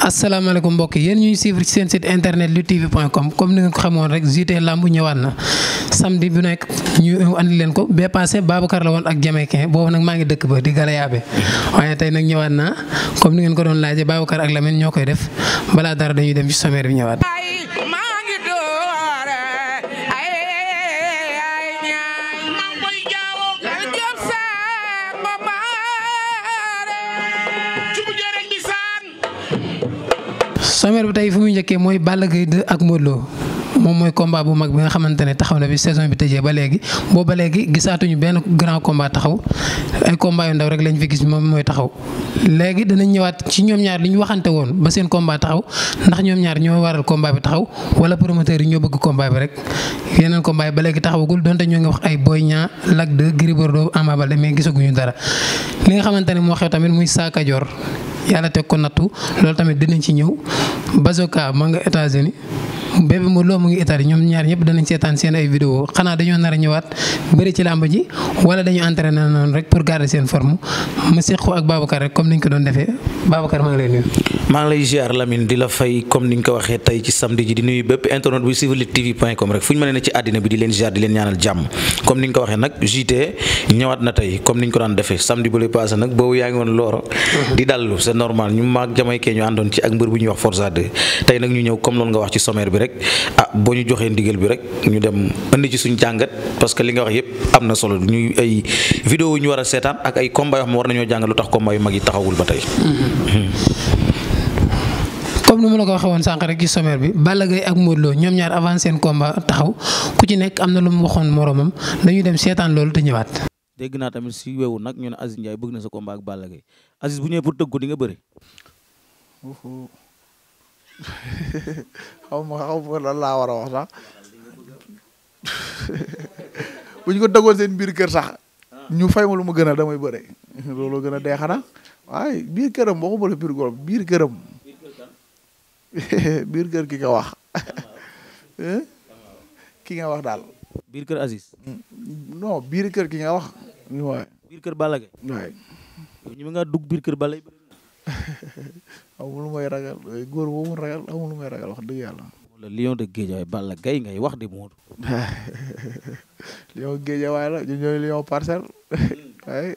Ah, asalaamaaleykum mbokk yéen ñuy suivre ci seen site internet luttetv.com comme ni nga ko xamoon rek JT Lamb ñëwaat na samedi bu nekk ñu andi leen ko bee passé Babacar la woon ak Jamaïcain boobu nag maa ngi dëkk ba di Galayaabe waaye tey nag ñëwaat na comme ni ngeen ko doon laajee Babacar ak Lamine ñoo koy def balaa dara dañuy dem ci sommaire bi ñëwaat. sommaire bi tey fu muy njëkkee mooy Balla Gaye 2 ak Modou Lo moom mooy combat bu mag bi nga xamante ne taxaw na bi saison bi tëjee ba léegi boo ba léegi gisaatuñu benn grand combat taxaw ay combat ndaw rek lañ fi gis moom mooy taxaw. léegi danañ ñëwaat ci ñoom ñaar li ñu waxante woon ba seen combat taxaw ndax ñoom ñaar ñoo waral combat bi taxaw wala promoteur yi ñoo bëgg combat bi rek yeneen combat ba léegi taxawagul donte ñoo ngi wax ay Boy Niang Lac de Gris Bordeaux Ama Baldé mais gisaguñu dara li nga xamante ne moo xew tamit muy Sa Cadior yàlla teg ko nattu loolu tamit dinañ ci ñëw Bazoka ma nga États-Unis Bébé Modou mu ngi États-Unis ñoom ñaar ñëpp danañ seetaan seen ay vidéo xanaa dañoo nar a ñëwaat bëri ci làmb ji wala dañu entraîné noonu rek pour garder seen forme ma seq ko ak Babacar rek comme niñ ko doon defee Babacar maa ngi lay maa ngi lay ziar Lamine di la fay comme niñ ko waxee tey ci samedi ji di nuyu bépp internet bu suivre TV point rek fu ñu mën ne ci àddina bi ko waxee nag JT ñëwaat normal ñu maag jamaykee ñu àndoon ci ak mbër bu ñuy wax Forza 2 tey nag ñu ñëw comme loolu nga wax ci sommaire bi rek ah boo ñu joxee ndigal bi rek ñu dem indi ci suñu jàngat parce que li nga wax yëpp am na solo ñu ay vidéo ñu war a seetaan ak ay combat yoo xam war nañoo jàngat lu tax combat yu mag yi taxawul ba tey. Mm-hmm. comme ni ma la ko waxee sànq rek ci sommaire bi Balla Gaye ak Modou Lo ñoom ñaar avant seen combat taxaw ku ci nekk am na lu mu waxoon moromam dañuy dem seetaan loolu te ñëwaat. dégg naa tamit si wewu nag ñu ne Aziz bëgg na sa combat ak Balla Gaye Aziz bu ñëwee pour tëgg ko di nga bëri. xaw ma xaw laa war a wax sax bu ko dëggoon seen biir kër sax ñu fay ma ma gën a damay bëre loolu gën a dee xanaa waaye biir këram boo ko biir góoram biir këram biir kër ki nga wax eh? ki nga wax daal. biir kër Aziz. non biir kër ki nga wax. waaye. biir kër Balla Gaye. biir kër Balla Gaye. amul lu may wax dëgg yàlla. le lion de Guédiawaye Balla Gaye ngay wax di Modou. lion la ñu ñooy lion parcelle. Hmm. ay.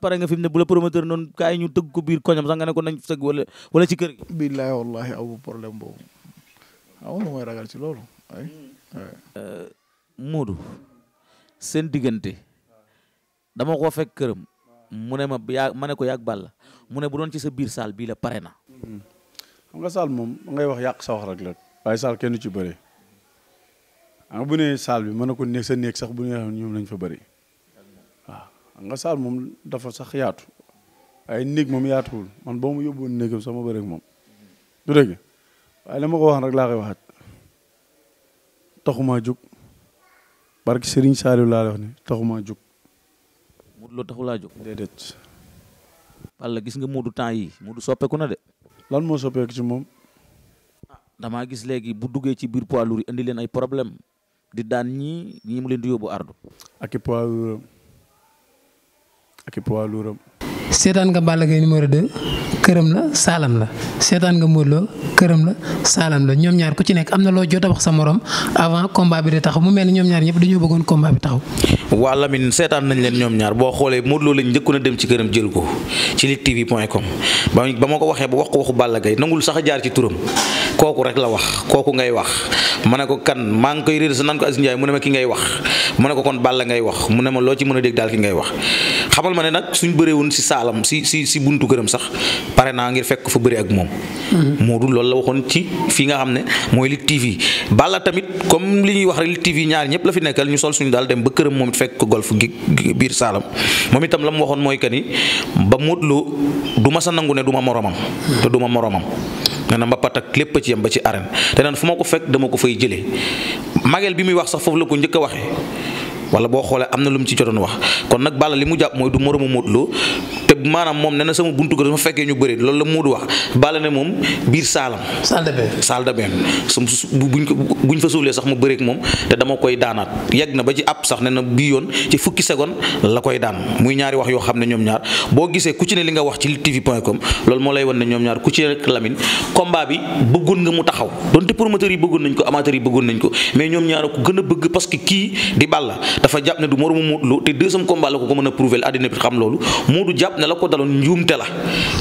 pare nga fi mu ne bu la promoteur noonu kaay ñu tëgg ko biir koñam sax nga ne ko nañ sëgg wala ci kër gi. billahi wallahi awu problème boobu amul lu may ragal ci loolu. Mm. Euh, Moodu seen diggante dama ko fekk këram mu ne ma yaa ma ne ko yàgg Balla mu ne bu doon ci sa biir saal bii la pare na. Mm. nga saal moom ngay wax yàq sa wax rek la waaye saal kenn ci bëri xam ah, bu ne saal bi mën na ko néeg sa néeg sax bu ne ñoom lañ fa bëri waaw nga saal moom dafa sax yaatu waaye néeg moom yaatuwul man boo mu yóbbuwoon néegam sama bëri ak moom du dëgg waaye la ma ko wax laa koy waxaat. taxumaa jóg barke Serigne Saliou laa la wax ne taxumaa jóg. Modou Lo taxulaa jóg. déedéet. Balla gis nga Modou temps yi Modou soppeeku na de. lan moo soppeeku ci moom. a ah, damaa gis léegi bu duggee ci biir poids yi indi leen ay problème di daan ñii ñii mu leen di yóbbu ardu. ak seetaan nga Balla Gaye numéro 2 këram la saalam la seetaan nga Modou Lo këram la saalam la ñoom ñaar ku ci nekk am na loo jot a wax sa morom avant combat bi di taxaw mu mel ni ñoom ñaar ñëpp dañoo bëggoon combat bi taxaw. waa Lamine seetaan nañ leen ñoom ñaar boo xoolee Modou Lo lañ njëkkoon a dem ci këram jël ko ci luttetv.com ba ba ma ko waxee ba wax ko waxu Balla Gaye nangul sax jaar ci turam kooku rek la wax kooku ngay wax ma ne ko kan maa ngi koy réer sa naan ko Aziz Ndiaye mu ne ma ki ngay wax ma ne ko kon Balla ngay wax mu ne ma loo ci mën a dégg daal ki ngay wax saalam si si si buntu këram sax pare naa ngir fekk fa bëri ak moom. Modou loolu la waxoon ci fii nga xam ne mooy Lutte TV Balla tamit comme li ñuy wax rek Lutte TV ñaar ñëpp la fi nekkal ñu sol suñu daal dem ba këram moom it fekk ko golf gi biir saalam moom itam la mu waxoon mooy que ba Modou Lo du ma sa nangu ne du ma moromam. te du ma moromam. nee na mbapat ak lépp ci yem ba ci arène te naan fu ma ko fekk dama ko fay jëlee magel bi muy wax sax foofu la ko njëkk a waxee. wala boo xoolee am na lu mu ci jotoon wax kon nag Balla li mu jàpp mooy du moromu Modou Lo te maanaam moom nee sama buntu kër su ma fekkee ñu bëri loolu la Modou wax Balla ne moom biir saalam salle de bain su buñ ko buñ fa suulee sax mu bëreek moom te dama koy daanaat yegg na ba ci àpp sax nee na bii yoon ci fukki seconde la koy daan muy ñaari wax yoo xam ne ñoom ñaar boo gisee ku ci ne li nga wax ci luttetv.com loolu moo lay wan ne ñoom ñaar ku ci ne rek Lamine combat bi bëggoon nga mu taxaw donte promoteurs yi bëggoon ko amateurs yi bëggoon ko mais ñoom ñaar ko gën a parce que kii di Balla dafa jàpp ne du moromu Modou te deuxième combat la ko ko mën a prouver la àddina bi xam loolu Modou jàpp ne la ko daloon njuumte la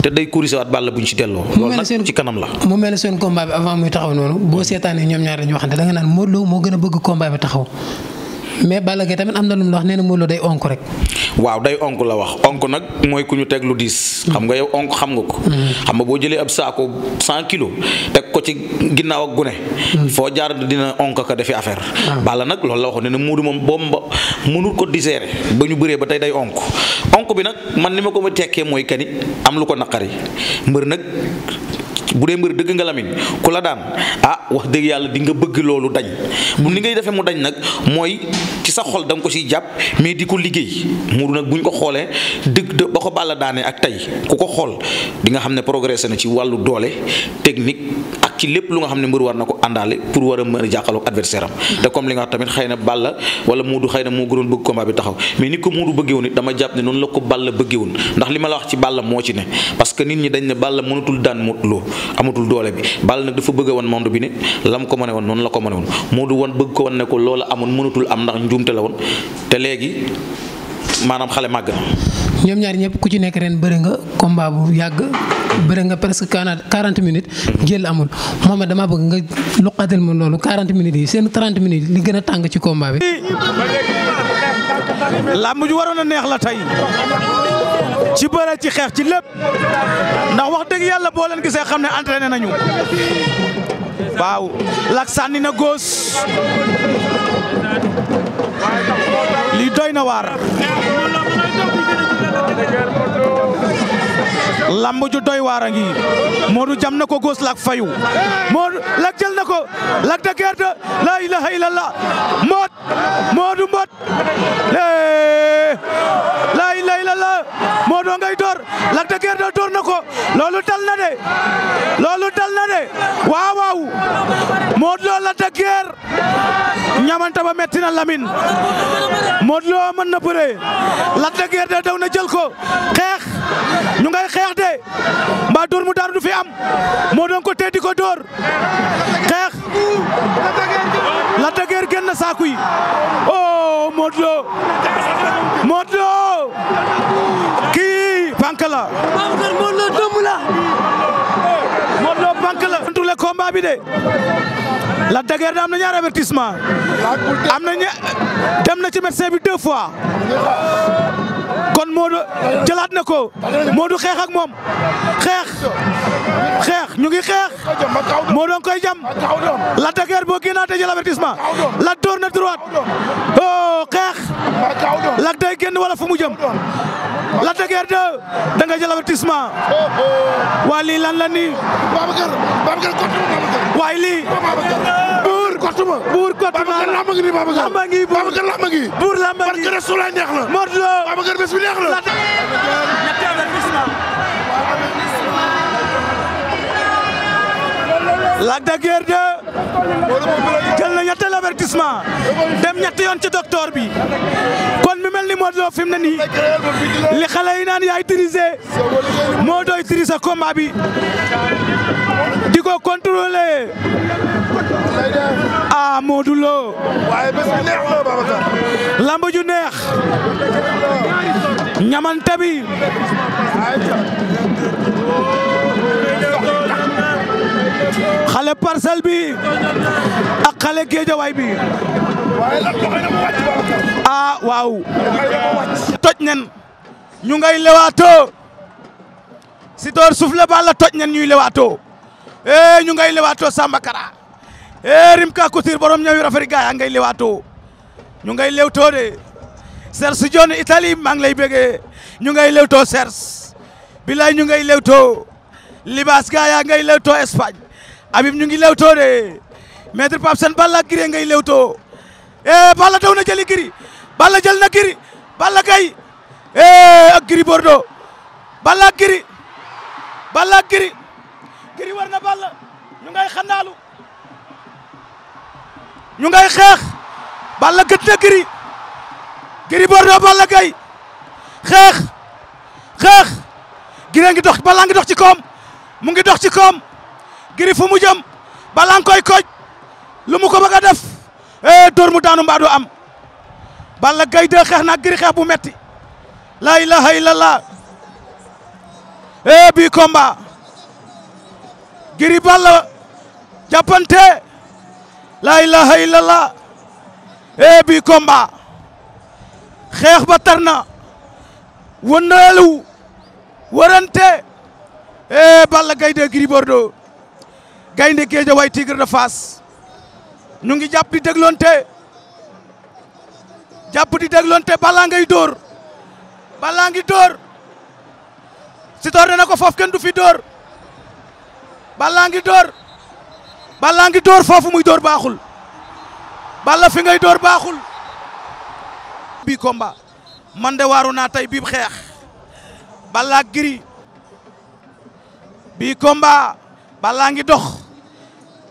te day corriger waat Balla bu ñu ci delloo. loolu nag ci kanam la. mu mel ne seen combat bi avant muy taxaw noonu boo seetaanee ñoom ñaar dañuy waxante da nga naan Modou moo gën a bëgg combat bi taxaw mais Balla Gaye tamit am na lu mu wax nee na Modou Lo day onk rek. waaw day onk la wax onk nag mooy ku ñu teg lu diis. xam nga yow onk xam nga ko. xam nga boo jëlee ab saako cent kilos teg ko ci ginnaaw ak gune. foo jaar dina onk ko defi affaire. Ah. bala nag loolu la waxoon ne ne Modou moom boo ba mënul ko digérer ba ñu bëree ba tey day onk onk bi nag man li ma ko ma tekkee mooy kani am lu ko naqari mbër nag. bu dee mbër dëgg nga lamin ku la daan ah wax dëgg yàlla di nga bëgg loolu dañ bu ni ngay defee mu dañ nag mooy ci sa xol da nga ko ciy jàpp mais di ko liggéey mu nag bu ñu ko xoolee dëgg de ba ko bàlla daanee ak tey ku ko xool di nga xam ne progressé na ci wàllu doole technique ak ci lépp lu nga xam ne mbër war na ko àndaale pour war a mën a jàqaloog adversaire am te comme li nga wax tamit xëy na bàlla wala Moodu xëy na moo gënoon bëgg combat bi taxaw mais ni ko Moodu noonu la ko bàlla bëggee woon li ma ci bàlla moo ci ne parce que nit ñi dañ ne bàlla mënatul daan Modou amatul doole bi Balla nag dafa bëgg a wan monde bi ne lam ko mën a woon noonu la ko mën a woon Modou wan bëgg ko woon te léegi maanaam xale ñaar ñëpp ku ci nekk ren bëri nga combat bu yàgg bëri nga presque quarante minutes. jël amul moom dama bëgg nga luqatal ma loolu quarante minutes yi seen trente minutes li gën a tàng ci combat bi. làmb ju waroon a neex la tey. ci bëre ci xeex ci lépp ndax wax dëgg yàlla boo leen gisee xam ne entraîné nañu waaw lak sànni na góos lii doy na waar lamb ju doy waar a ngi Modou jam na ko góos lak fayu Modou lak jël na ko lak da gerte la ilaha illallah mot Modou mot illallah Modou ngay door Lac de door na ko loolu dal na de loolu dal na de waaw waaw Modou Lo ñamanta ba metti na Lamine Modou Lo mën na bëree Lac de Guiers de daw na jël ko xeex ñu ngay xeex de mbaa door mu daanu du fi am moo doon ko teddi ko door xeex Lac de na saaku yi oh Modou Lo Modou Lo kii pank la. Babacar la. Modou Lo pank la. antu le combat bi de. Lac de Guiers am na ñaari avertissement. am na ña dem na ci médecin bi deux fois. kon Modou jëlaat na ko Modou xeex ak moom xeex. ñu ngi xeex moo doon jam la dageer boo génnaatee jël avertissement la door na droite oh xeex la day génn wala fu mu jëm la dageer de da nga jël avertissement lan la nii Babacar Babacar kotuma waay lii kotuma buur kotuma lamba ngi nii lamba ngi buur lamba ngi buur lamba ngi parce que Rasulullah Lac de Guiers na ñetteel avertissement dem ñetti yoon ci docteur bi kon mi mel ni Modou Lo fi mu ne nii li xale yi naan yaay tirisé moo doy bi di ko contrôlé ah Modou Lo waaye bés bi neex la Babacar xale bi ak xale géejawaay bi ah waaw toj nen ñu ngay lewaato Sitor suuf la bal la toj nen ñuy lewaato e eh, ñu ngay lewaato Samba Kara e rim ka couture borom ñawi rafet gaaya ngay lewaato ñu ngay lewtoo de Serge Dione Italie maa lay bëggee ñu ngay lewtoo Serge bilay ñu ngay lewtoo Libaas gaaya ngay lewtoo Espagne Habib ñu ngi lewtoo de maître Balla Gris ngay lewtoo eh Balla daw na jëli Gris Balla jël na Gris Balla kay eh ak Gris Bordeaux Balla Gris Balla Gris Gris war na Balla ñu ngay xandaalu ñu ngay xeex Balla gët na Gris Gris Bordeaux Balla kay xeex xeex Gris ngi dox Balla ngi dox ci koom mu ngi dox ci koom Gris fu mu jëm balaa nga lu mu ko bëgg a def eh, dóor mu daanu mbaa du am Balla Gaye xeex na Gris xeex bu metti la ilaha illallah eh bii combat Gris Balla jàppante la ilaha illallah eh bii combat xeex ba tar na wëndeelu wërante eh Balla Gaye 2 Gris Bordeaux gaynde Guédiawaye Tigre de Fass ñu ngi jàpp di déglonte jàpp di déglonte balaa ngay dóor balaa ngi dóor Sitor ne na ko foofu kenn du fi dóor balaa ngi dóor balaa ngi dóor foofu muy dóor baaxul balla fi ngay dóor baaxul bi combat man de waaru naa tey biib xeex balla giri bi combat balaa ngi dox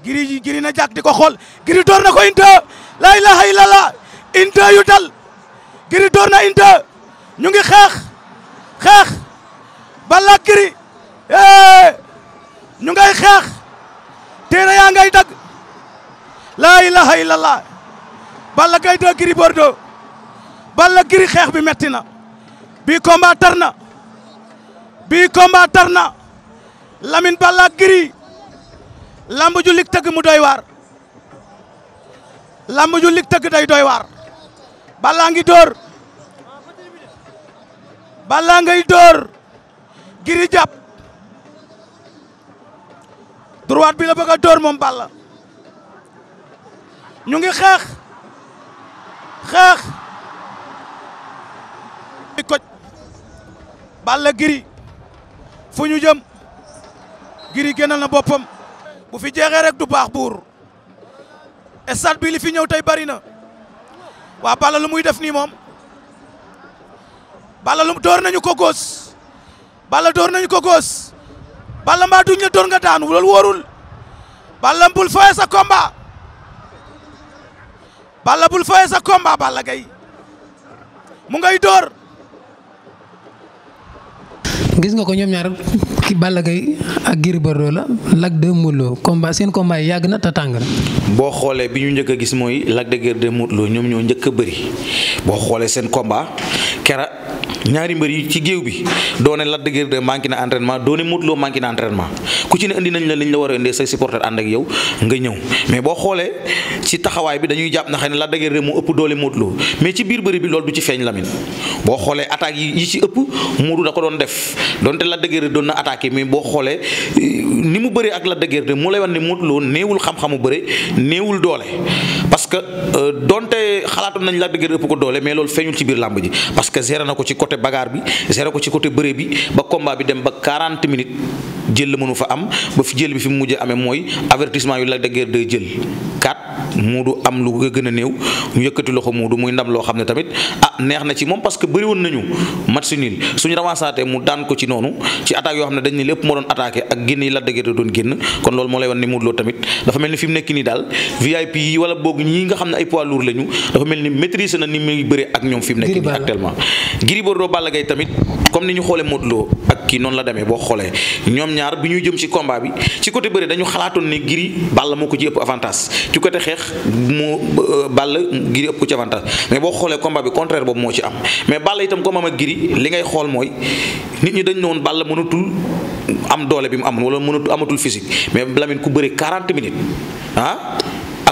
giri giri na jàkk di ko xool giri door na ko inte la ilaha illallah inte yu dal giri door na inte ñu ngi xeex xeex balla giri ñu ngay xeex téere yaa ngay dag la ilaha illallah balla gay de giri bordeaux balla giri xeex bi metti na bii combat tar na bii combat tar na Lamine balla giri lamb ju lig tëgg mu doy waar lamb ju lig tëgg day doy waar Balla ngi dóor Balla ngay dóor giri jàpp droite bi bëgg a dóor moom Balla ñu ngi xeex xeex i koj Balla giri fu ñu jëm giri génnal na boppam bu fi jeexee rek du baax buur stade bi li fi ñëw tey bari na waa Balla lu muy def nii moom Balla lu door nañu ko góos Balla door nañu ko góos Balla mbaa duñ la door nga daanu loolu wóorul Balla bul fooye sa combat Balla bul fooye sa combat Balla Gaye mu ngay door gis nga ko ñoom ñaar ki Balla Gaye ak Gris Bordeaux la Lac de Modou Lo seen combat yi yàgg na te tàng boo xoolee bi ñu njëkk a gis mooy Lac de Guiers de Modou ñoom ñoo njëkk a bëri boo xoolee seen komba kera ñaari mbër yi ci géew bi doone Lac de Guiers manqué na entraînement doone Modou Lo manqué na entraînement ku ci ne indi nañ la liñ la war a indee say supporter ànd ak yow nga ñëw mais boo xoolee ci taxawaay bi dañuy jàpp na xëy ne Lac de Guiers 2 moo ëpp doole Modou mais ci biir bëri bi loolu du ci feeñ Lamine boo xoolee attaques yi yi ci ëpp Modou da ko doon def donte Lac de Guiers doon na attaqué mais boo xoolee euh, ni mu bëree ak Lac de mu lay wan ne Modou Lo néewul xam-xamu bëre néewul doole que euh, donte xalaatoon nañ Lac de Guiers ëpp ko doole mais loolu feeñul ci biir làmb ji parce que géré na ko ci côté bagarre bi géré ko ci côté bëre bi ba combat bi dem ba 40 minutes jël la mënu fa am ba fi jël bi fi mu mujjee amee mooy avertissement yu Lac de Guiers jël 4 muudu am lu ko gën a néew ñu yëkkati loxo muudu muy ndam loo xam ne tamit ah neex na ci moom parce que bëri woon nañu match nul suñu rawansaatee mu daan ko ci noonu ci attaque yoo xam ne dañ ne lépp moo doon attaqué ak génn yi la dëgg doon génn kon loolu moo lay wan ne muudu loo tamit dafa mel ni fi mu nekk nii daal VIP yi wala boog ñi nga xam ne ay poids lañu dafa mel ni maîtrise na ni muy bëre ak ñoom fi mu nekk nii actuellement Gris Bordeaux Balla Gaye tamit ni ñu xoolee Modou Lo ak noonu la demee boo xoolee ñoom ñaar bi ñuy jëm ci combat bi ci côté bëre dañu xalaatoon ne Gris Balla moo ko moo euh, Balla Gris ëpp ci mais boo xoolee combat bi contraire boobu moo ci am mais Balla itam combat ak gri li ngay xool mooy nit ñi dañ ne woon Balla mënatul am doole bi mu am wala mënatul amatul physique mais Lamine ku bëri 40 minutes ah.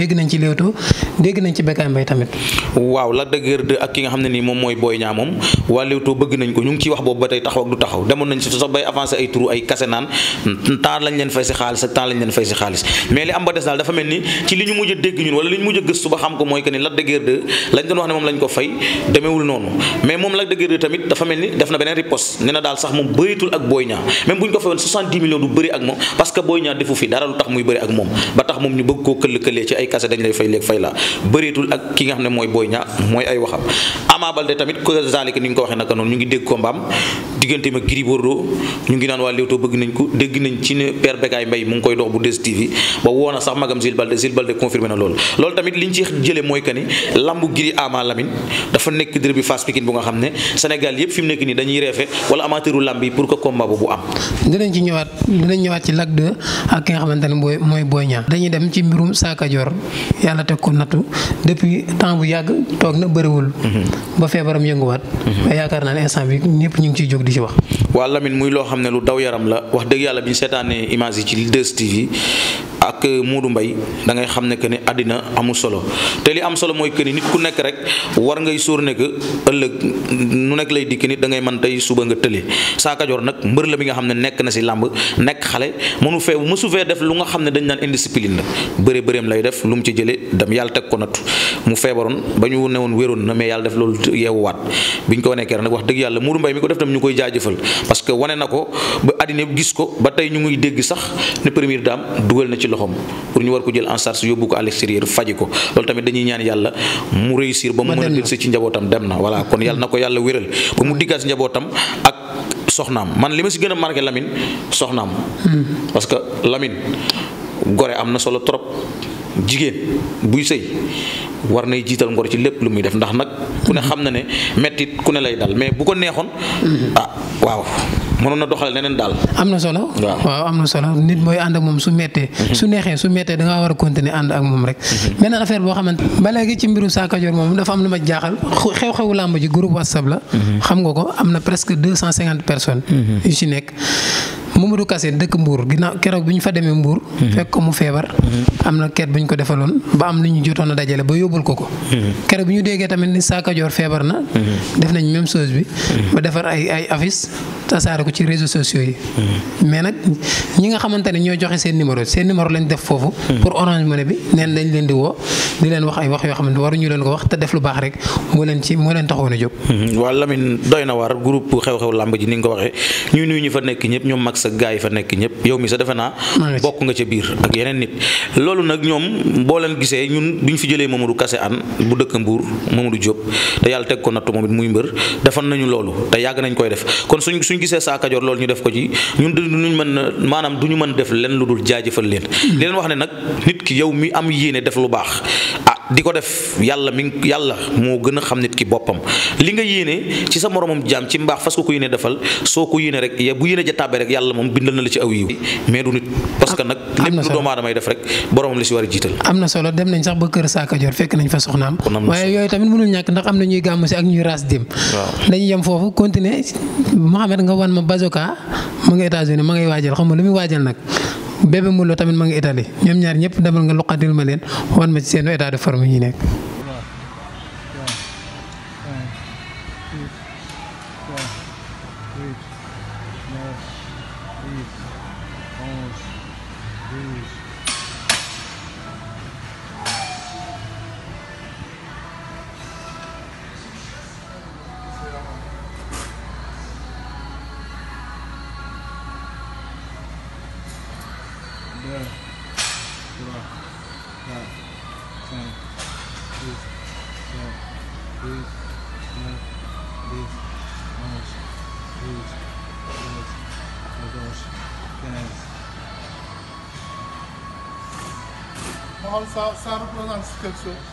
dégg nañ ci Leewtoo dégg nañ ci Bécaye Mbaye tamit. waaw Lac de Guiers ak ki nga xam ne nii moom mooy Boy Niang moom waa Leewtoo bëgg nañ ko ñu ngi ciy wax boobu ba tey taxaw ak du taxaw demoon nañ si sax bay avancé ay turu ay kase naan temps lañ leen fay si xaalis temps lañ doon wax ne moom lañ ko fay demeewul noonu mais moom Lac de Guiers tamit dafa mel ni def na beneen riposte nee daal sax moom bëritul ak Boy Niang même bu ñu ko fayoon 70 millions kase dañ lay fay léeg la bëreetul ak ki nga xam ne mooy Boy Niang mooy ay waxam Ama Baldé tamit ko zalik ni ñu ko waxee naka noonu ñu ngi dégg ko diggante ma Gris Bordeaux ñu ngi naan waa Leewtoo bëgg nañ ko dégg nañ ci ne Père Bécaye mu ngi koy dox bu des TV ba woon sax magam Zil Baldé Zil Baldé confirmé na loolu loolu tamit liñ ci jële mooy que ni lambu Gris Ama Lamine dafa nekk dër bi Fass Pikine bu nga xam ne Sénégal yëpp fi mu nekk nii dañuy reefe wala amateuru yàlla teg ko nattu depuis temps bu yàgg toog na bëriwul. Mm-hmm. ba feebaram yënguwaat. Mm-hmm. ba yaakaar naa ne instant bi ñëpp ñu ngi ciy jóg di ci wax. waa Lamine muy loo xam ne lu daw yaram la wax dëgg yàlla bi ñu seetaanee image yi ci 2STV ak Moodu Mbay da xam ne que ne àddina amul solo te li am solo mooy que ni nit ku nekk rek war ngay sóor ne que ëllëg nu nekk lay dikk nit da man tey suba nga tële Sa Kajoor nag mbër la mi nga xam ne nekk na si làmb nekk xale mënu fee mësu fee def lu nga xam ne dañ naan indiscipline la bëre bëreem lay def lu mu ci jëlee dem yàlla teg ko nattu mu feebaroon ba ñu ne woon wéroon na mais yàlla def loolu yeewuwaat biñ ko nekkee nag wax dëgg yàlla Moodu Mbay mi ko def tam ñu koy jaajëfal parce que wane na ko ba àddina gis ko ba tey ñu ngi dégg sax ne première dame loxoom pour ñu war ko jël en charge yóbbu ko à l'extérieur faji ko loolu tamit dañuy ñaan yàlla mu réussir ba mu mën a dellusi ci njabootam dem na voilà kon yàlla na ko yàlla wéral ba mu diggaat si njabootam ak soxnaam man li ma si gën a marqué Lamine soxnaam hmm. parce que gore am na solo trop jigéen buy sëy war nay jiital ngor ci lépp lu muy def ndax nag ku ne xam na ne mettit ku ne lay dal mais bu ko neexoon ah waaw mënoon na doxale leneen daal am na solo waaw am na solo nit mooy ànd ak moom su mettee mhm. su neexee su mettee da ngaa war a continuer ànd ak moom rek mhm. beneen affaire boo xamante ba léegi ci mbiru Sa Cadior moom dafa am na ma jaaxal xew-xewu làmb ji groupe whatsapp la mhm. xam nga ko am na presque deux cent cinquante personnes yu ci Mamadou Kassé dëkk Mbour ginnaaw keroog bi ñu fa demee Mbour. Mhm. fekk ko mu feebar. Mhm. am na ket bu ñu ko defaloon ba am li ñu jotoon a dajale ba yóbbul ko ko. Mhm. keroog bi ñu déggee tamit ni Sakajor feebar na. def nañ même chose bi. ba defar ay ay tasaare ko ci réseaux sociaux yi. mais nag ñi nga xamante ne ñoo joxe seen numéro seen numéro lañ def foofu. pour orange money bi neen dañ leen di woo di leen wax ay wax yoo xam ne waruñu leen ko wax te def lu baax rek moo leen ci moo leen taxoon a jóg. Hmm, waaw Lamine doy na waar groupe xew-xew làmb ji ni nga ko waxee ñu nuyu ñu fa nekk ñëpp ñoom mag sa gaay yi fa nekk ñëpp yow mi sa defe naa. bokk nga ca biir ak yeneen nit. loolu nag ñoom boo leen gisee ñun bi ñu fi jëlee Mamadou Kassé an bu dëkk Mbour Mamadou Diop te yàlla teg ko nattu moom it muy mbër defoon nañu loolu te nañ koy def ñu gisee saa kajoor loolu ñu def ko ci ñun du ñu mën maanaam lu dul jaajëfal leen li ah ko def yàlla mi yàlla moo gën a xam nit ki boppam li nga yéene ci sa moromam jaam ci mbaax fas ko ko yéene defal soo ko yéene rek bu yéene ja tàbbee rek yàlla moom bindal na la ci aw yiw mais du nit parce que nag lépp lu doomu aadamay def rek boromam la si war a jiital am na solo dem nañ sax ba kër Saa Kajoor fekk nañ fa soxnaam waaye yooyu tamit mënul ñàkk ndax am na ñuy gàmmu si ak ñuy raas dem dañuy yem foofu continuer Mohamed nga wan ma Bazoka ma nga États-Unis ma ngay waajal xam nga lu muy waajal nag Bébé Mourlo tamit ma nga Italie ñoom ñaar ñëpp demal nga luqatil ma leen wan ci seen état de forme yi nekk. normalement ça, ça représente quelque chose.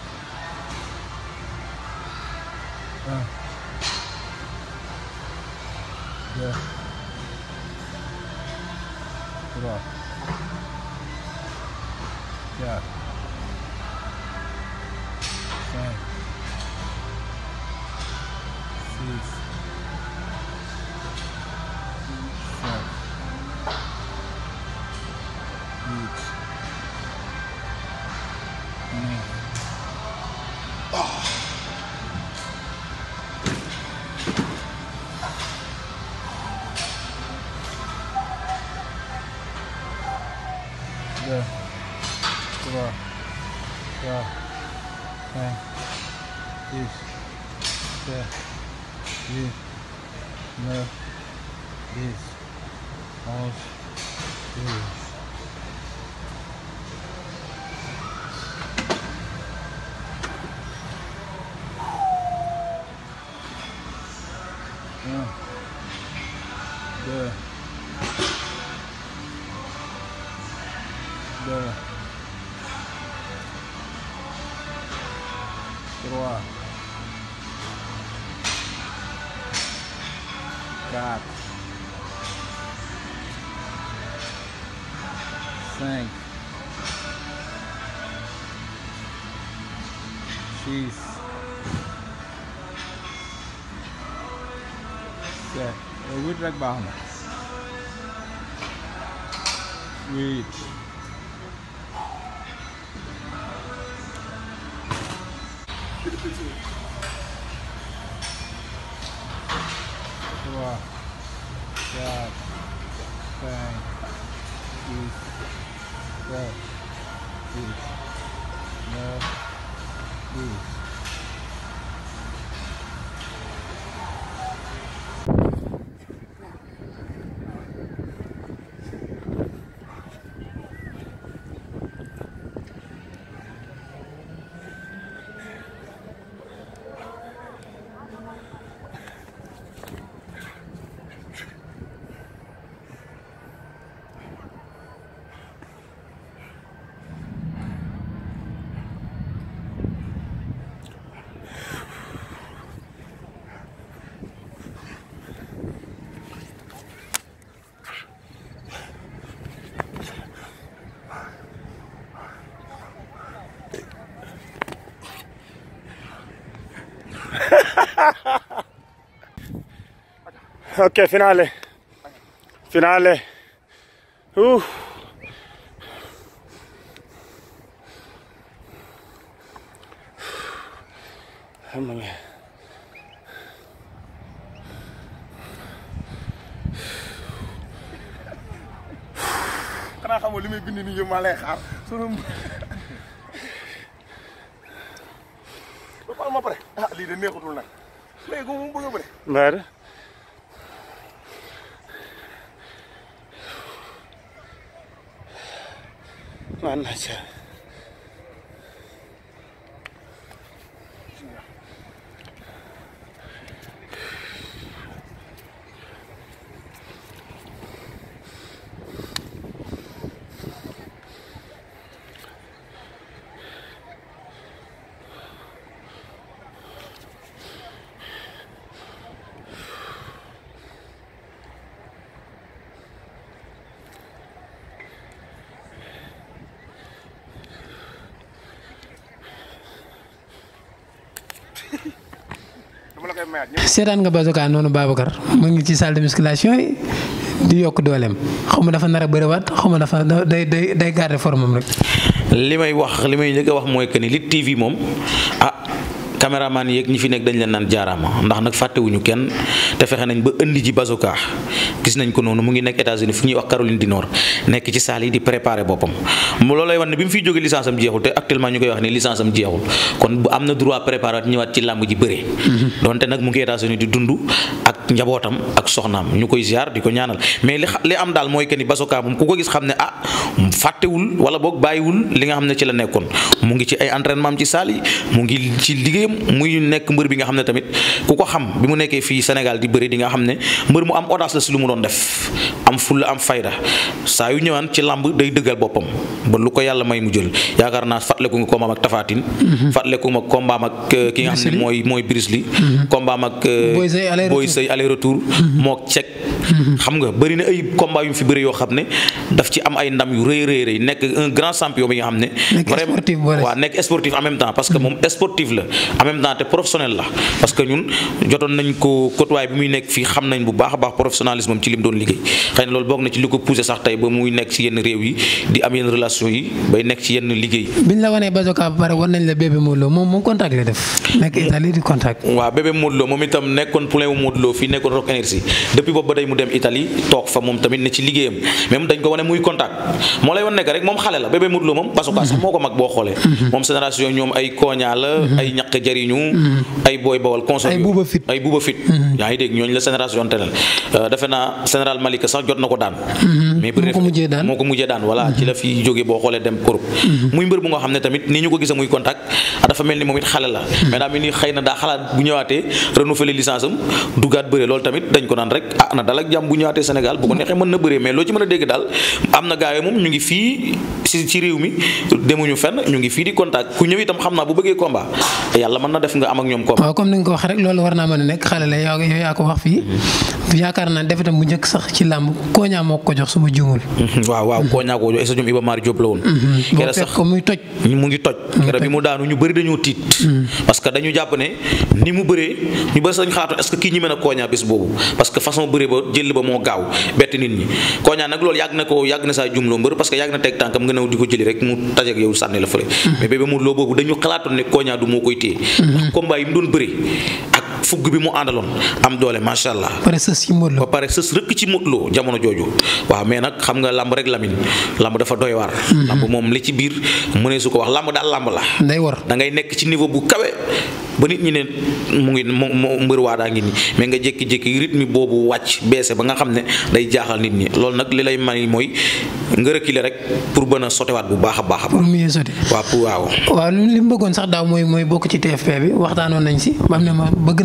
thing. Jeez. Yeah, a weed like Bahamas. Weed. Ok, finale. Finale. Uh. Vamos lá. xanaa xamoo li may bind nii yëpp maa ma pare ah lii de neexutul nag léegi moom bëgg a bëri. Anladım. seetaan nga bazooka noonu Babacar mu ngi ci salle de musculation yi di yokk dooleem xaw ma dafa nar a bëriwaat xaw ma dafa day day day garder forme am rek. li may wax li may njëkk a wax mooy que ni Lutte TV moom ah. caméraman yeeg ñi fi nekk dañ leen naan jaaraama ndax nag fàttewuñu kenn te fexe nañ ba indi ci bazooka gis nañ ko noonu mu ngi nekk États-Unis fu ñuy wax Caroline du nekk ci saal yi di préparer boppam mu loolay wan ne bi mu fiy jógee licence am jeexul te actuellement ñu koy wax ne licence am jeexul kon am na droit préparer ñëwaat ci làmb ji bëree mhm. donte nag mu ngi États-Unis di dund ak njabootam ak soxnaam ñu koy ziar di ko ñaanal mais li li am daal mooy que ni Basoka ku ko gis xam ne ah fàttewul wala boog bàyyiwul li nga xam ne ci la nekkoon mu ngi ci ay ci saal mu ngi ci liggéeyam muy nekk mbër bi nga xam ne tamit ku ko xam bi mu nekkee fii Sénégal di bëri di nga xam ne mbër mu am audace la si lu mu doon def am fulla am fayda saa yu ñëwaan ci làmb day dëggal boppam ba lu ko yàlla may mu jël yaakaar naa fàttaliku nga kombaam ak Tafatine. Mm-hmm. fàttaliku ma ak euh, ki nga xam mooy mooy Brisli. aller retour. xam nga bëri na ay combat yu fi bëri yoo xam ne daf ci am ay ndam yu rëy rëy nekk un grand champion bi nga xam ne. vraiment nekk sportif en même temps parce que moom sportif la en même temps te professionnel ci lim doon liggéey xëy na loolu bokk na ci li ko poussé sax tey ba muy nekk ci yenn réew yi di am yenn relation yi bay nekk ci yenn liggéey. biñ la wanee Bazoka ba pare wan nañ la bébé Modou moom moom contact la def. nekk Italie fi nekkoon rock énergie depuis boobu ba day mu dem Italie toog fa moom tamit ne ci liggéeyam même dañ ko wane muy contact moo lay wan nekk rek moom xale la bébé naa mhm. mhm. mhm. muy xëy na daa xalaat bu ñëwaatee renouveler licence dugaat bëre loolu tamit dañ ko naan rek ah na dal ak jàmm bu ñëwaatee Sénégal bu ko neexee mën na bëree mais loo ci mën a dégg daal am na gaay moom ñu ngi fii si ci réew mi demuñu fenn ñu ngi fii di contact ku ñëw itam xam naa bu bëggee combat yàlla ni nga ko wax mm-hmm. rek a sax ci làmb Koña moo ko jox suma juumul. Mm-hmm. Mm-hmm. sax muy toj. mu ngi mu daanu ñu bëri dañoo mm. dañu jàpp ne ni mu bëree ñu bëri sax ñu xaatu est kii ñi mën a Koña Koña boobu parce façon bëre ba jël ba moo gaaw bett nit ñi Koña nag loolu yàgg na ko yàgg na saa jumloo mbër parce yàgg na teg tànkam nga naw di ko jëli rek mu tajeeg yow sànni la fële hmm. mais bébé mu loo boobu dañu xalaatoon ne Koña du moo koy téye hmm. combat yi mu doon bëre fugg bi mu àndaloon am doole macha allah. pare sës ci Modou ba pare sës rëkk ci Modou jamono jooju waaw mais nag xam nga lamb rek Lamine lamb dafa doy waar. Mhm. lamb moom li ci biir mënee su ko wax lamb daal lamb la. day war da ngay nekk ci niveau bu kawe ba nit mu ngi mu mu mbër waa daa ngi nii mais nga jékki-jékki rythme boobu wàcc beese ba nga xam ne day jaaxal nit ñi loolu nag li lay may mooy nga reculer rek pour mën a sotewaat bu baax a baax. pour mieux sote waaw pour waaw. waaw li mu bëggoon sax daaw mooy mooy bokk ci TFP bi waxtaanoon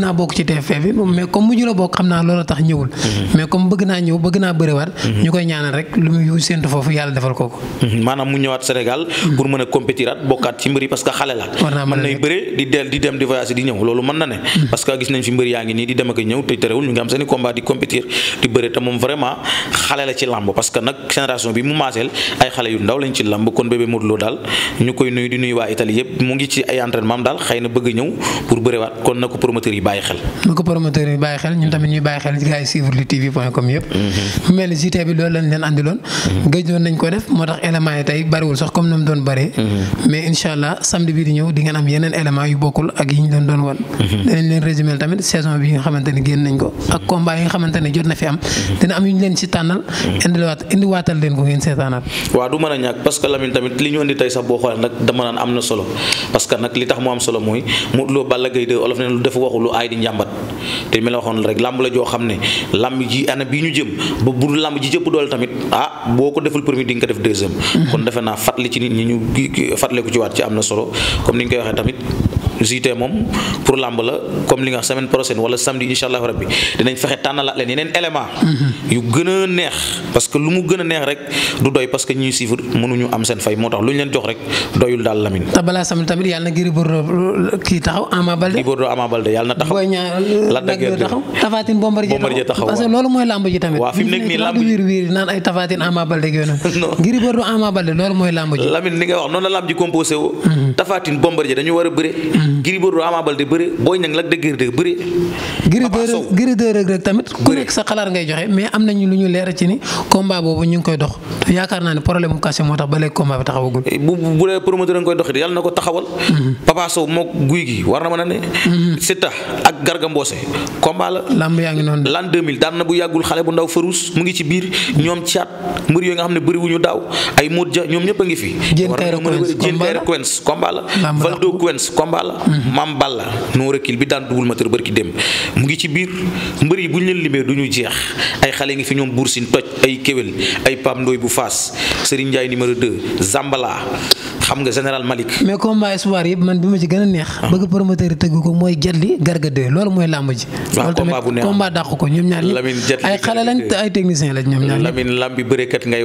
naa mais comme mujj la bokk xam naa loolu tax ñëwul. Mm-hmm. mais comme bëgg naa ñëw bëgg naa bëriwaat. Mm-hmm. ñu koy ñaanal rek lu muy séntu foofu yàlla defal ko ko. Mm-hmm. maanaam mu ñëwaat Sénégal pour mën a compétiraat bokkaat ci mbir parce que xale la. war nay bëre di del di dem di ñëw loolu mën na ne. parce que gis nañ fi mbir yaa ngi nii di dem ak ñëw te terewul ñu ngi am seen i di compétir di bëre te moom vraiment xale la ci làmb parce que nag génération bàyyi ko promoteur yi bàyyi xel ñun tamit ñuy bàyyi xel gars yi suivre lu tv point com yëpp. mu mel ni JT bi loolu lañ leen indiwaatal leen ko ngeen seetaanaat. waaw du mën a ñàkk parce que tamit li ñu andi tey sax boo nag dama naan am na solo parce nag li tax mu am solo mooy Modou Lo Balla Gaye de olof ne lu def waxu lu gars yi di njàmbat te mi la waxoon rek làmb la joo xam ne làmb ji ana bii ñu jëm ba bu làmb ji jëpp doole tamit ah boo ko deful premier di def deuxième mhm. kon defe naa fàttali ci nit ñi ñu fàttaliku ci waat ci am na solo comme ni ñu koy waxee tamit JT moom pour làmb la comme li nga semaine prochaine wala samedi incha allahu rabbi dinañ fexe tànnalaat leen yeneen élément yu gën a neex parce lu mu gën a neex rek du doy parce que ñuy mënuñu am seen fay moo tax lu ñu leen jox rek doyul daal Lamine. te balaa tamit yàlla na Gris Bordeaux kii taxaw Ama yàlla na taxaw. booy ñaar Lac taxaw Tafatine loolu mooy làmb ji tamit. waaw fi nekk nii làmb ji wiir wiir naan ay Tafatine Ama Balde ak yooyu noonu. Gris Bordeaux mhm. a Gris Bordeaux Ama Baldé bëri Boy Niang Lac de Guiers de bëri. Papa tamit ku nekk sa xalaat ngay joxe mais am nañu lu ñu leer ci ni combat boobu ñu ngi koy dox te yaakaar naa ne problème mu kase moo tax ba léegi combat bi taxawagul. Eh, bu bu dee promoteur nga koy dox it yàlla na ko taxawal. Mhm. Papa Sow moo guy gi war na a ne. Mhm. Siteu ak Garga Mbossé combat la. lamb yaa ngi noonu l'an 2000 daan na bu yàggul xale bu ndaw Farouz mu ngi ci biir ñoom Thiat mbër yooyu nga xam ne bëri daaw ay Modja ñoom ñëpp a ngi fi. Dieng Kaire Quench combat la Valdo Quench combat la Balla maam Balla non recul bi daan dugul matar bërki dem mu ngi ci biir mbër yi bu ñu leen limee du ñu jeex ay xale ngi fi ñoom bursin toj ay kéwél ay Pam Ndoy bu Faas Serigne Ndiaye numéro 2 Zambala xam nga général Malick. mais combat espoir yëpp man bi ma ci gën a neex. Ah. bëgg promoteur yi tëgg ko mooy Jetli Garga 2 loolu mooy làmb ji. waaw combat bu neex dàq ko ñoom ñaar ñëpp ay xale lañ te ay technicien lañ ñoom ñaar ñëpp. Lamine lambi bëreekat ngay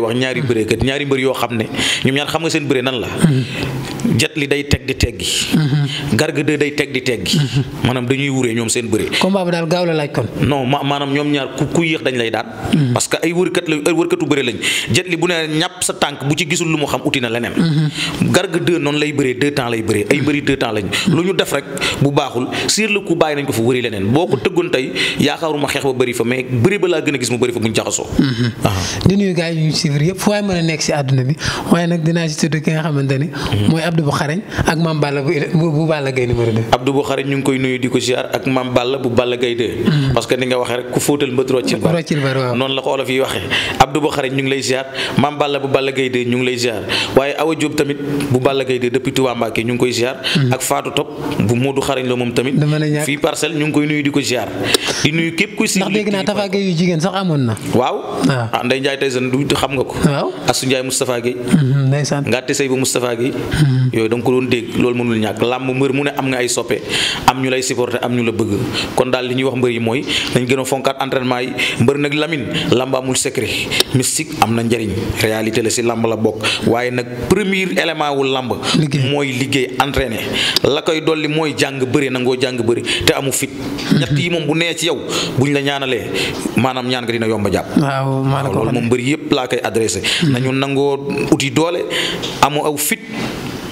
ñaari mbër yoo xam ne ñoom ñaar xam nga seen la. Mm-hmm. Jetli day garga de day teg di teggi mm-hmm. maanaam dañuy wuree ñoom seen bëree combat bi daal gaaw la laaj kon non ma maanaam ñoom ñaar ku ku yéex dañ lay daan mm-hmm. parce ay wërkat la ay li bu ne ñàpp sa tànk bu ci gisul lu mu xam uti na leneen mm-hmm. garga de ñu def rek bu baaxul a mën a nekk si àdduna bi mooy Abdou bu xarañ ak Mame Balla bu Balla Gaye numéro 2. Abdou Boukhari ñu ngi koy nuyu di ko ziar ak maam Balla bu Balla Gaye 2. Mm-hmm. parce que ni nga waxee rek ku fóotal mbët roccil bar noonu la ko olof yi waxee Abdou Boukhari ñu ngi lay ziar maam Balla bu Balla Gaye ñu ngi lay ziar waaye Awa Diop tamit bu Balla Gaye depuis Touba ñu ngi koy ziar. Mm-hmm. ak Fatou Top bu Modou Xarañ la moom tamit. fii parcelle ñu ngi koy nuyu di ko ziar di nuyu képp kuy. si ndax dégg ah. Ah, nga ko. waaw bu Moustapha Gueye. Mm-hmm. yooyu da ko mu ne am nga ay soppe am ñu lay supporter am ñu la bëgg kon daal li ñuy wax mbër yi mooy nañ gën a fonkaat entraînement yi mbër nag Lamine lamb amul secret mystique am na njariñ réalité la si lamb la bokk waaye nag premier élément wu lamb mooy liggéey entraîner la koy dolli mooy jàng bëri nangoo jàng bëri te amu fit mhm. ñett yi moom bu nee ci yow buñ la ñaanalee maanaam ñaan nga dina yomba jàpp waaw loolu moom mbër yëpp laa koy adressé mhm. nañu nangoo uti doole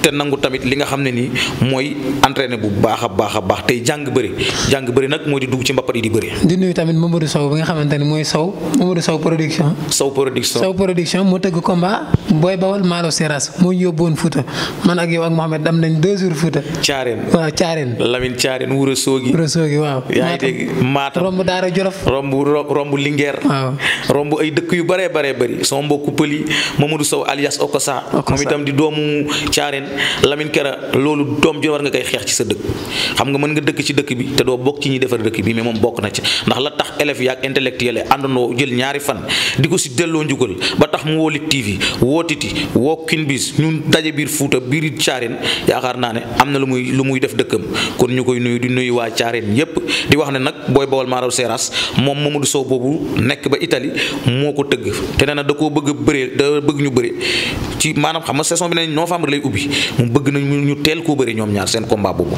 te nangu tamit li nga xam ne nii mooy entraîné bu baax a baax a baax tey jàng bëri jàng bëri nag mooy di dugg ci mbappat yi di bëri. di nuyu tamit Mamadou Sow bi nga xamante ne mooy Sow Mamadou Sow production. Sow production Sow production moo tëgg combat Boy Bawol Malo Seras man ak yow ak Mohamed dam nañ deux jours Fouta. Caareen waaw Caareen. Lamine Caareen Wuro Soogi. Wuro Soogi waaw. yaa ngi dégg Matam romb Daara Jolof. romb romb waaw romb ay dëkk yu bëree bëree bëri sama mbokku pëli Mamadou Sow alias Okosa. Okosa moom itam di doomu Caareen Lamine Kera loolu doom ju war nga koy xeex ci sa dëkk xam nga mën nga dëkk ci dëkk bi te doo bokk ci ñi defar dëkk bi mais moom bokk na ci ndax la tax élèves yaak intellectuel àndandoo jël ñaari fan di ko si delloo njugal ba tax mu woo Lutte TV woo Titi woo Queen Biz ñun daje biir Fuuta biir Caareen yaakaar naa ne am na lu muy lu muy def dëkkam kon ñu koy nuyu di nuyu waa Caareen yépp di wax ne nag booy Bawol Maaraw Seras moom Mamadou Sow boobu nekk ba Italie moo ko tëgg te nee da koo bëgg a bëree ñu bëree ci maanaam xam nga saison bi ne novembre lay ubbi moom bëgg nañ ñu teel koo bëri ñoom ñaar seen combat boobu.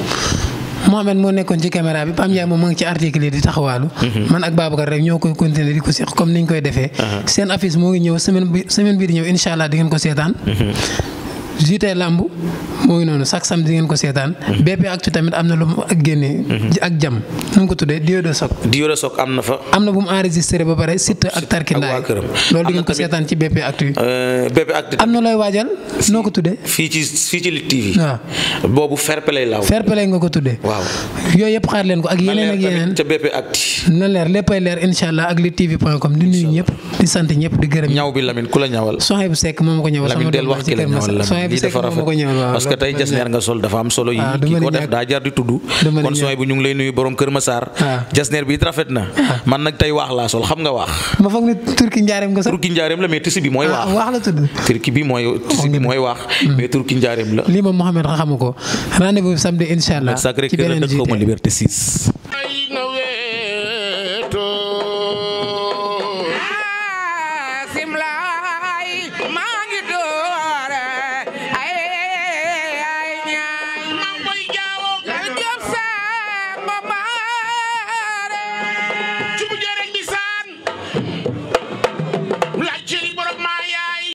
Mohamed moo nekkoon ci caméra bi Pam Ndiaye moom mu ci article yi di taxawaalu. Mhm. man ak Babacar rek ñoo koy continuer di ko comme niñ koy defee. Mhm. seen affiche moo ngi ñëw semaine bi semaine bii di ñëw incha allah di ko seetaan. Mhm. jiitee làmb moo ngi noonu chaque di ngeen ko seetaan. Mhm. BP Actu tamit am na lu mu ak génnee. Mhm. ak jam nu ko tuddee Dio de Soc. Dio de am na fa. am na bu mu enregistré ba pare Siteu ak Tarkindaay loolu di ngeen ko seetaan ci BP Actu. Euh, BP Actu am na looy waajal noo ko tuddee. fii ci fii ci Lutte TV. waaw ah. boobu fair play laaw. fair nga ko tuddee. yooyu yëpp xaar leen ko ak yeneen ak yeneen. ca BP Actu. na leer léppay leer incha ak Lutte TV point di nuyu ñëpp di sant ñëpp di gërëm. ñaw bi Lamine ku la ñawal. Soxaybu Seck moom ko ñawal. lii dafa rafet parce que tey jasneer nga sol dafa am solo yi ah, ki ko def daa jar di tudd kon sooy bu ñu lay nuyu borom Kër Massar ah. jasneer bi rafet na ah. man nag tey waax laa sol xam nga waax ma foog ne turki njaareem nga sol turki njaareem la mais tisi bi mooy waax waax la tudd turki bi mooy tisi bi mooy waax hmm. mais turki njaareem la lii moom Mohamed xamu ko rendez-vous samedi inshallah sacré cœur dëkk ma liberté 6